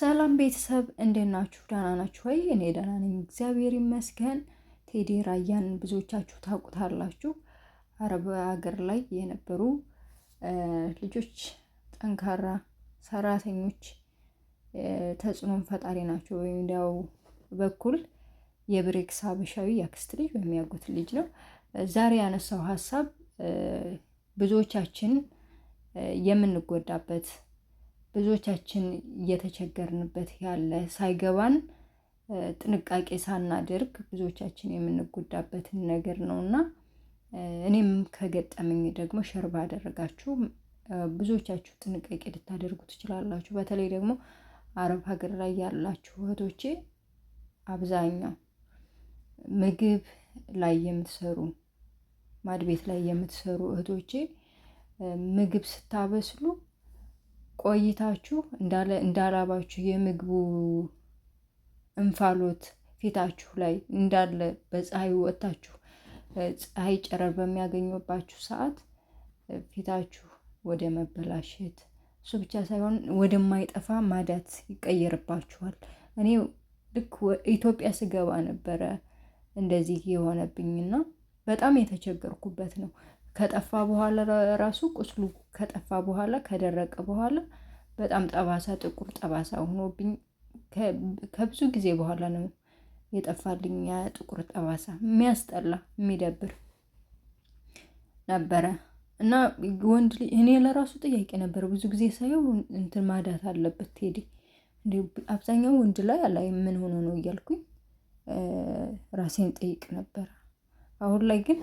ሰላም ቤተሰብ እንዴት ናችሁ? ደህና ናችሁ ወይ? እኔ ደህና ነኝ፣ እግዚአብሔር ይመስገን። ቴዲ ራያን ብዙዎቻችሁ ታውቁታላችሁ። አረብ ሀገር ላይ የነበሩ ልጆች ጠንካራ ሰራተኞች፣ ተጽዕኖን ፈጣሪ ናቸው። በሚዲያው በኩል የብሬክስ ሀበሻዊ ያክስት ልጅ ወይም ያጎት ልጅ ነው። ዛሬ ያነሳው ሀሳብ ብዙዎቻችን የምንጎዳበት ብዙዎቻችን እየተቸገርንበት ያለ ሳይገባን ጥንቃቄ ሳናደርግ ብዙዎቻችን የምንጎዳበትን ነገር ነው እና እኔም ከገጠመኝ ደግሞ ሸር ባደረጋችሁ ብዙዎቻችሁ ጥንቃቄ ልታደርጉ ትችላላችሁ። በተለይ ደግሞ አረብ ሀገር ላይ ያላችሁ እህቶቼ አብዛኛው ምግብ ላይ የምትሰሩ ማድቤት ላይ የምትሰሩ እህቶቼ ምግብ ስታበስሉ ቆይታችሁ እንዳላባችሁ የምግቡ እንፋሎት ፊታችሁ ላይ እንዳለ በፀሐይ ወጥታችሁ ፀሐይ ጨረር በሚያገኙባችሁ ሰዓት ፊታችሁ ወደ መበላሸት እሱ ብቻ ሳይሆን ወደማይጠፋ ማዳት ይቀየርባችኋል። እኔ ልክ ኢትዮጵያ ስገባ ነበረ እንደዚህ የሆነብኝና በጣም የተቸገርኩበት ነው። ከጠፋ በኋላ ራሱ ቁስሉ ከጠፋ በኋላ ከደረቀ በኋላ በጣም ጠባሳ ጥቁር ጠባሳ ሆኖብኝ ከብዙ ጊዜ በኋላ ነው የጠፋልኝ ያ ጥቁር ጠባሳ። የሚያስጠላ የሚደብር ነበረ እና ወንድ ልጅ እኔ ለራሱ ጥያቄ ነበረ ብዙ ጊዜ ሳየው እንትን ማዳት አለበት ቴዲ አብዛኛው ወንድ ላይ ላይ ምን ሆኖ ነው እያልኩኝ ራሴን ጠይቅ ነበር። አሁን ላይ ግን